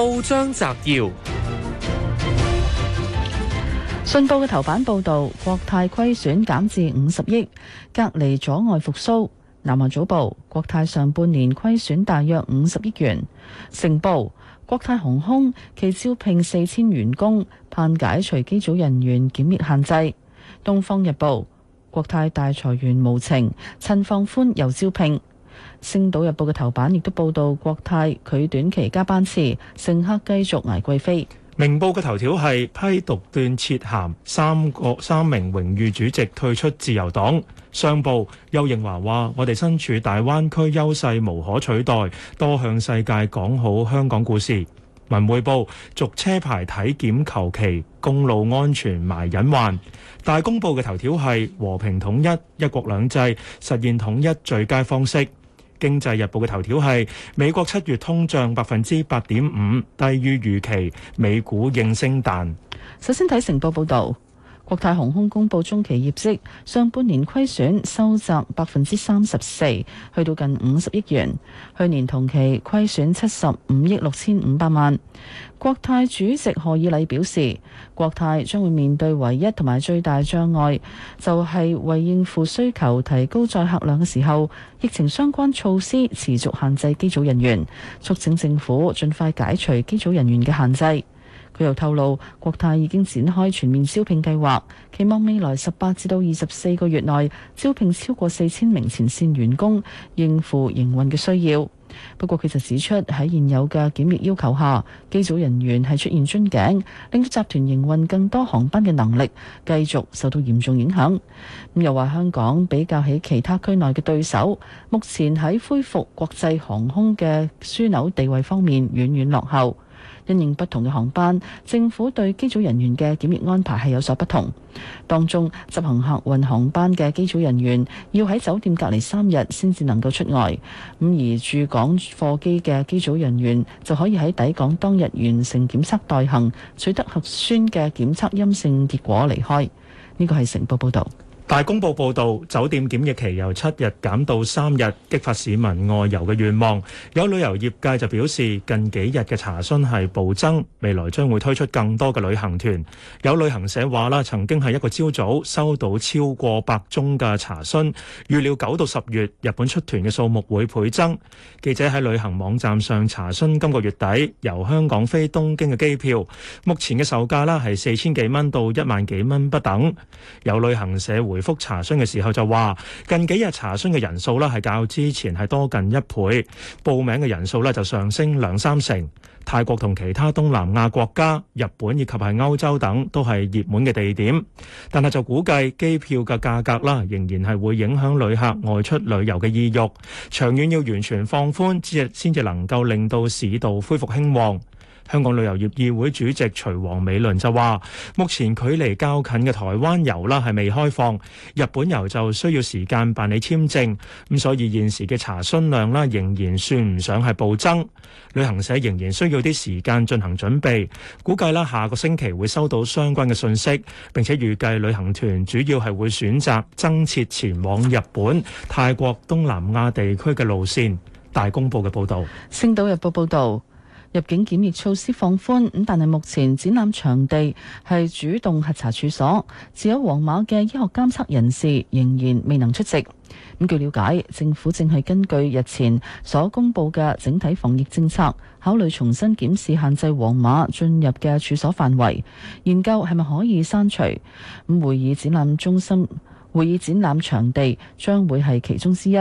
報章摘要：信報嘅頭版報道，國泰虧損減至五十億，隔離阻礙復蘇。南華早報：國泰上半年虧損大約五十億元。成報：國泰航空其招聘四千員工，盼解除機組人員檢疫限制。東方日報：國泰大裁員無情，趁放寬又招聘。《星島日報》嘅頭版亦都報道國泰佢短期加班次，乘客繼續挨貴飛。《明報》嘅頭條係批獨斷設限，三個三名榮譽主席退出自由黨。上報邱應華話：我哋身處大灣區優勢無可取代，多向世界講好香港故事。《文匯報》續車牌體檢求其公路安全埋隱患。《大公報》嘅頭條係和平統一，一國兩制實現統一最佳方式。《經濟日報》嘅頭條係美國七月通脹百分之八點五，低於預期，美股應聲彈。首先睇成報報導。國泰航空公布中期業績，上半年虧損收窄百分之三十四，去到近五十億元。去年同期虧損七十五億六千五百萬。國泰主席賀以禮表示，國泰將會面對唯一同埋最大障礙，就係、是、為應付需求提高載客量嘅時候，疫情相關措施持續限制機組人員，促請政府盡快解除機組人員嘅限制。佢又透露，國泰已經展開全面招聘計劃，期望未來十八至到二十四個月內招聘超過四千名前線員工，應付營運嘅需要。不過，佢就指出，喺現有嘅檢疫要求下，機組人員係出現樽頸令到集團營運更多航班嘅能力繼續受到嚴重影響。咁又話香港比較起其他區內嘅對手，目前喺恢復國際航空嘅樞紐地位方面，遠遠落後。因應不同嘅航班，政府對機組人員嘅檢疫安排係有所不同。當中執行客運航班嘅機組人員要喺酒店隔離三日先至能夠出外，咁而駐港貨機嘅機組人員就可以喺抵港當日完成檢測代行，取得核酸嘅檢測陰性結果離開。呢個係成報報道。大公報報導，酒店檢疫期由七日減到三日，激發市民外遊嘅願望。有旅遊業界就表示，近幾日嘅查詢係暴增，未來將會推出更多嘅旅行團。有旅行社話啦，曾經係一個朝早收到超過百宗嘅查詢，預料九到十月日本出團嘅數目會倍增。記者喺旅行網站上查詢，今個月底由香港飛東京嘅機票，目前嘅售價啦係四千幾蚊到一萬幾蚊不等。有旅行社回回覆查詢嘅時候就話，近幾日查詢嘅人數呢係較之前係多近一倍，報名嘅人數呢就上升兩三成。泰國同其他東南亞國家、日本以及係歐洲等都係熱門嘅地點，但係就估計機票嘅價格啦，仍然係會影響旅客外出旅遊嘅意欲。長遠要完全放寬，之日先至能夠令到市道恢復興旺。香港旅遊業議會主席徐王美倫就話：目前距離較近嘅台灣遊啦係未開放，日本遊就需要時間辦理簽證，咁所以現時嘅查詢量啦仍然算唔上係暴增，旅行社仍然需要啲時間進行準備，估計啦下個星期會收到相關嘅信息，並且預計旅行團主要係會選擇增設前往日本、泰國、東南亞地區嘅路線。大公報嘅報道，《星島日報》報道。入境檢疫措施放寬，咁，但係目前展覽場地係主動核查處所，只有黃碼嘅醫學監測人士仍然未能出席。咁據了解，政府正係根據日前所公布嘅整體防疫政策，考慮重新檢視限制黃碼進入嘅處所範圍，研究係咪可以刪除。咁會議展覽中心、會議展覽場地將會係其中之一。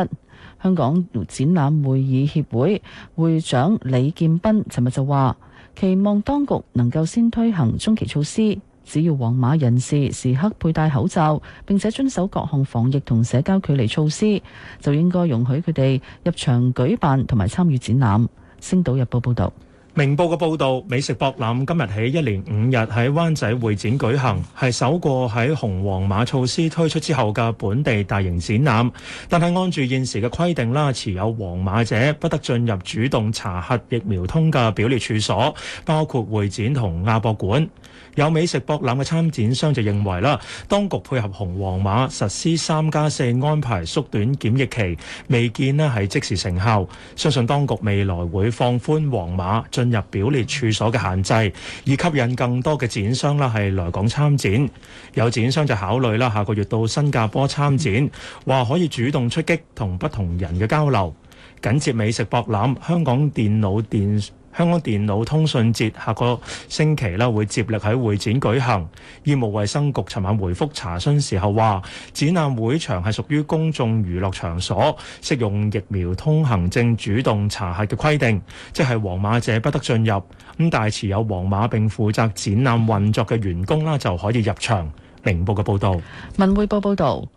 香港展覽會議協會會長李建斌尋日就話，期望當局能夠先推行中期措施，只要皇馬人士時刻佩戴口罩，並且遵守各項防疫同社交距離措施，就應該容許佢哋入場舉辦同埋參與展覽。星島日報報道。明報嘅報道，美食博覽今日起一連五日喺灣仔會展舉行，係首個喺紅黃碼措施推出之後嘅本地大型展覽。但係按住現時嘅規定啦，持有黃碼者不得進入主動查核疫苗通嘅表列處所，包括會展同亞博館。有美食博覽嘅參展商就認為啦，當局配合紅黃碼實施三加四安排，縮短檢疫期，未見呢係即時成效。相信當局未來會放寬黃碼進。進入表列處所嘅限制，以吸引更多嘅展商啦，係來港參展。有展商就考慮啦，下個月到新加坡參展，話可以主動出擊，同不同人嘅交流。緊接美食博覽，香港電腦電。香港電腦通訊節下個星期啦，會接力喺會展舉行。醫務衛生局尋晚回覆查詢時候話，展覽會場係屬於公眾娛樂場所，適用疫苗通行證主動查核嘅規定，即係黃碼者不得進入。咁但持有黃碼並負責展覽運作嘅員工啦，就可以入場。明報嘅報導，文匯報報道。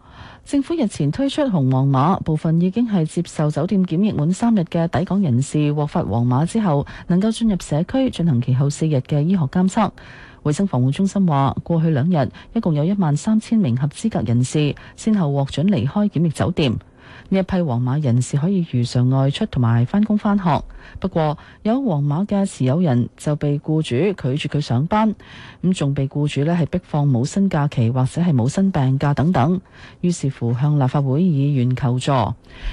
政府日前推出紅黃碼，部分已經係接受酒店檢疫滿三日嘅抵港人士獲發黃碼之後，能夠進入社區進行其後四日嘅醫學監測。衛生防護中心話，過去兩日一共有一萬三千名合資格人士，先後獲准離開檢疫酒店。呢一批皇馬人士可以如常外出同埋翻工翻學，不過有皇馬嘅持有人就被雇主拒絕佢上班，咁仲被雇主咧係逼放冇薪假期或者係冇薪病假等等，於是乎向立法會議員求助。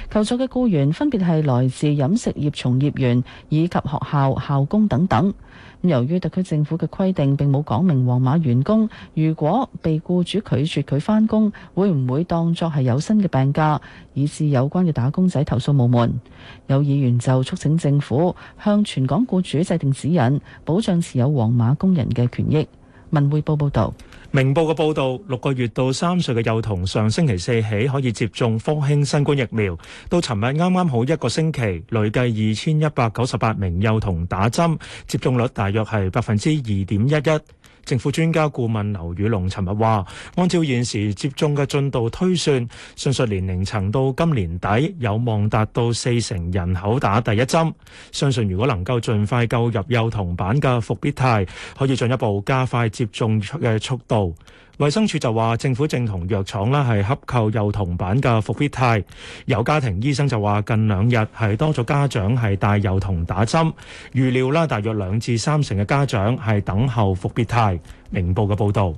求助嘅雇員分別係來自飲食業從業員以及學校校，校工等等。由於特區政府嘅規定並冇講明皇馬員工如果被雇主拒絕佢翻工，會唔會當作係有薪嘅病假？是有關嘅打工仔投訴無門，有議員就促請政府向全港雇主制定指引，保障持有黃碼工人嘅權益。文匯報報道，明報嘅報道，六個月到三歲嘅幼童上星期四起可以接種科興新冠疫苗，到尋日啱啱好一個星期，累計二千一百九十八名幼童打針，接種率大約係百分之二點一一。政府專家顧問劉宇隆尋日話，按照現時接種嘅進度推算，上述年齡層到今年底有望達到四成人口打第一針。相信如果能夠盡快購入幼童版嘅復必泰，可以進一步加快接種嘅速度。衛生署就話政府正同藥廠啦係洽購幼童版嘅復必泰，有家庭醫生就話近兩日係多咗家長係帶幼童打針，預料啦大約兩至三成嘅家長係等候復必泰。明報嘅報道，《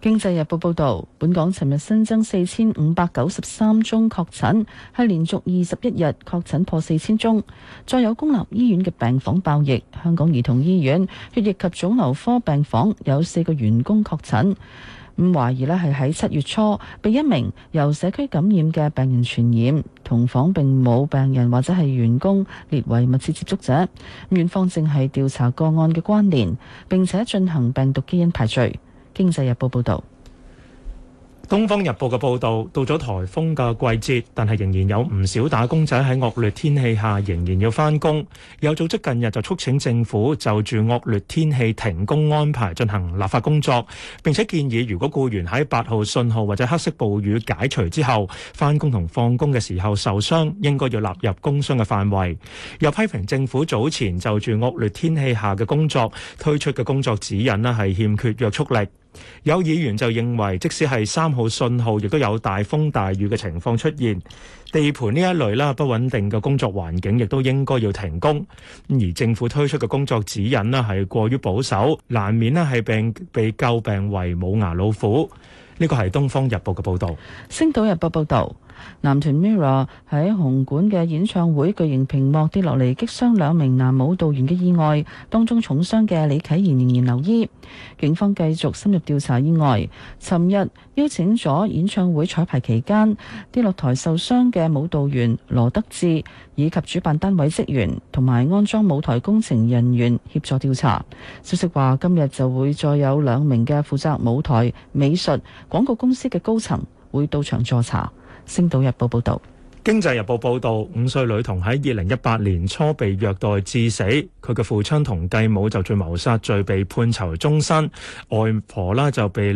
經濟日報》報道，本港尋日新增四千五百九十三宗確診，係連續二十一日確診破四千宗。再有公立醫院嘅病房爆疫，香港兒童醫院血液及腫瘤科病房有四個員工確診。咁懷疑呢係喺七月初被一名由社區感染嘅病人傳染。同房並冇病人或者係員工列為密切接觸者。院方正係調查個案嘅關聯，並且進行病毒基因排序。經濟日報報導。《東方日報》嘅報導，到咗颱風嘅季節，但係仍然有唔少打工仔喺惡劣天氣下仍然要翻工。有組織近日就促請政府就住惡劣天氣停工安排進行立法工作，並且建議如果僱員喺八號信號或者黑色暴雨解除之後翻工同放工嘅時候受傷，應該要納入工傷嘅範圍。又批評政府早前就住惡劣天氣下嘅工作推出嘅工作指引咧，係欠缺約束力。有議員就認為，即使係三號信號，亦都有大風大雨嘅情況出現，地盤呢一類啦，不穩定嘅工作環境，亦都應該要停工。而政府推出嘅工作指引呢，係過於保守，難免呢，係被被詬病為冇牙老虎。呢個係《東方日報》嘅報道，《星島日報》報道。男團 Mirror 喺紅館嘅演唱會，巨型屏幕跌落嚟，擊傷兩名男舞蹈員嘅意外，當中重傷嘅李啟賢仍然留醫。警方繼續深入調查意外。尋日邀請咗演唱會彩排期間跌落台受傷嘅舞蹈員羅德志，以及主辦單位職員同埋安裝舞台工程人員協助調查。消息話今日就會再有兩名嘅負責舞台美術廣告公司嘅高層會到場助查。星島日報報道，經濟日報報道，五歲女童喺二零一八年初被虐待致死。佢嘅父親同繼母就住謀殺罪被判囚終身，外婆啦就被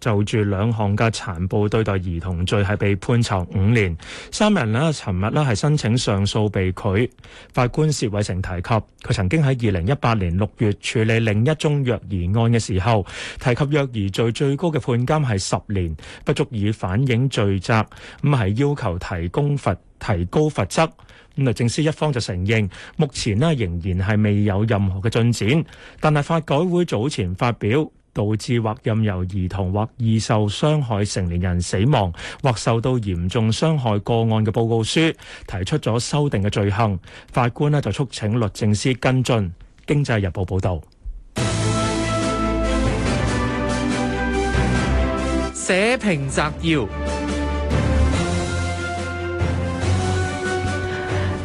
就住兩項嘅殘暴對待兒童罪係被判囚五年。三人咧，尋日咧係申請上訴被拒。法官薛偉成提及，佢曾經喺二零一八年六月處理另一宗虐兒案嘅時候，提及虐兒罪最高嘅判監係十年，不足以反映罪責，咁係要求提供罰提高罰則。律政司一方就承認，目前呢仍然係未有任何嘅進展。但係法改會早前發表，導致或任由兒童或易受傷害成年人死亡或受到嚴重傷害個案嘅報告書，提出咗修訂嘅罪行。法官呢就促請律政司跟進。經濟日報報導，社評摘要。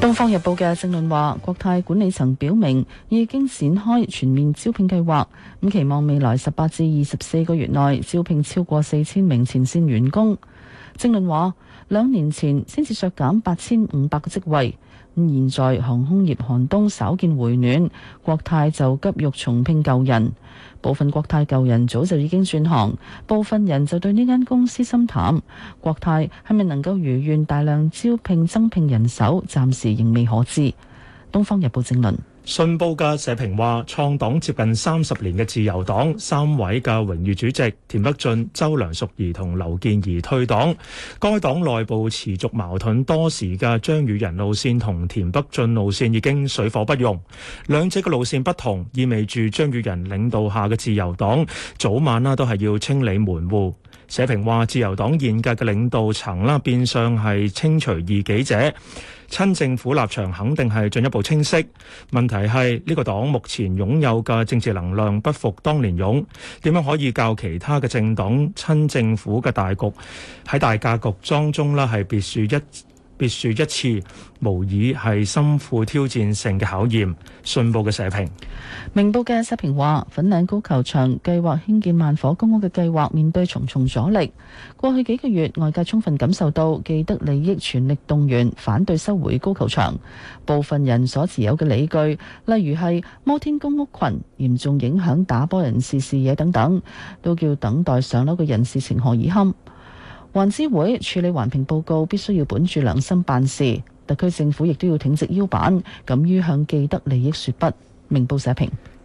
《東方日報》嘅正論話，國泰管理層表明已經展開全面招聘計劃，咁期望未來十八至二十四個月內招聘超過四千名前線員工。正論話，兩年前先至削減八千五百個職位。咁現在航空業寒冬稍見回暖，國泰就急欲重聘舊人。部分國泰舊人早就已經轉行，部分人就對呢間公司心淡。國泰係咪能夠如願大量招聘增聘人手，暫時仍未可知。《東方日報》正論。信報嘅社評話，創黨接近三十年嘅自由黨，三位嘅榮譽主席田北俊、周梁淑怡同劉健儀退黨，該黨內部持續矛盾多時嘅張宇人路線同田北俊路線已經水火不容，兩者嘅路線不同，意味住張宇人領導下嘅自由黨早晚啦都係要清理門戶。社評話，自由黨現屆嘅領導層啦，變相係清除異己者。親政府立場肯定係進一步清晰，問題係，呢、這個黨目前擁有嘅政治能量不復當年勇，點樣可以教其他嘅政黨親政府嘅大局喺大格局當中呢係別樹一？別墅一次無疑係深負挑戰性嘅考驗。信報嘅社評，明報嘅社評話：粉嶺高球場計劃興建萬伙公屋嘅計劃面對重重阻力。過去幾個月，外界充分感受到，既得利益全力動員反對收回高球場。部分人所持有嘅理據，例如係摩天公屋群嚴重影響打波人士視野等等，都叫等待上樓嘅人士情何以堪。環諮會處理環評報告必須要本住良心辦事，特區政府亦都要挺直腰板，敢於向既得利益説不。明報社評。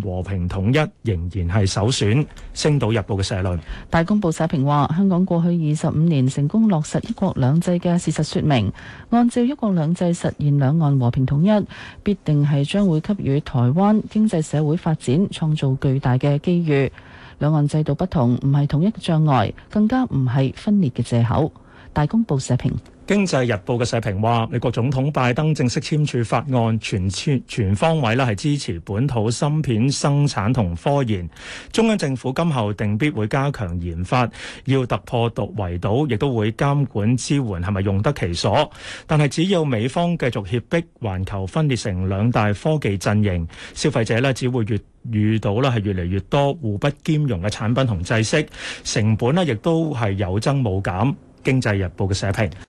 和平統一仍然係首選。星島日報嘅社論大公報社評話：香港過去二十五年成功落實一國兩制嘅事實，說明按照一國兩制實現兩岸和平統一，必定係將會給予台灣經濟社會發展創造巨大嘅機遇。兩岸制度不同，唔係統一嘅障礙，更加唔係分裂嘅藉口。大公報社評。《經濟日報》嘅社評話，美國總統拜登正式簽署法案，全全方位咧係支持本土芯片生產同科研。中央政府今後定必會加強研發，要突破圍堵，亦都會監管支援，係咪用得其所？但係只要美方繼續脅迫，環球分裂成兩大科技陣營，消費者咧只會越遇到咧係越嚟越多互不兼容嘅產品同制式，成本咧亦都係有增冇減。《經濟日報》嘅社評。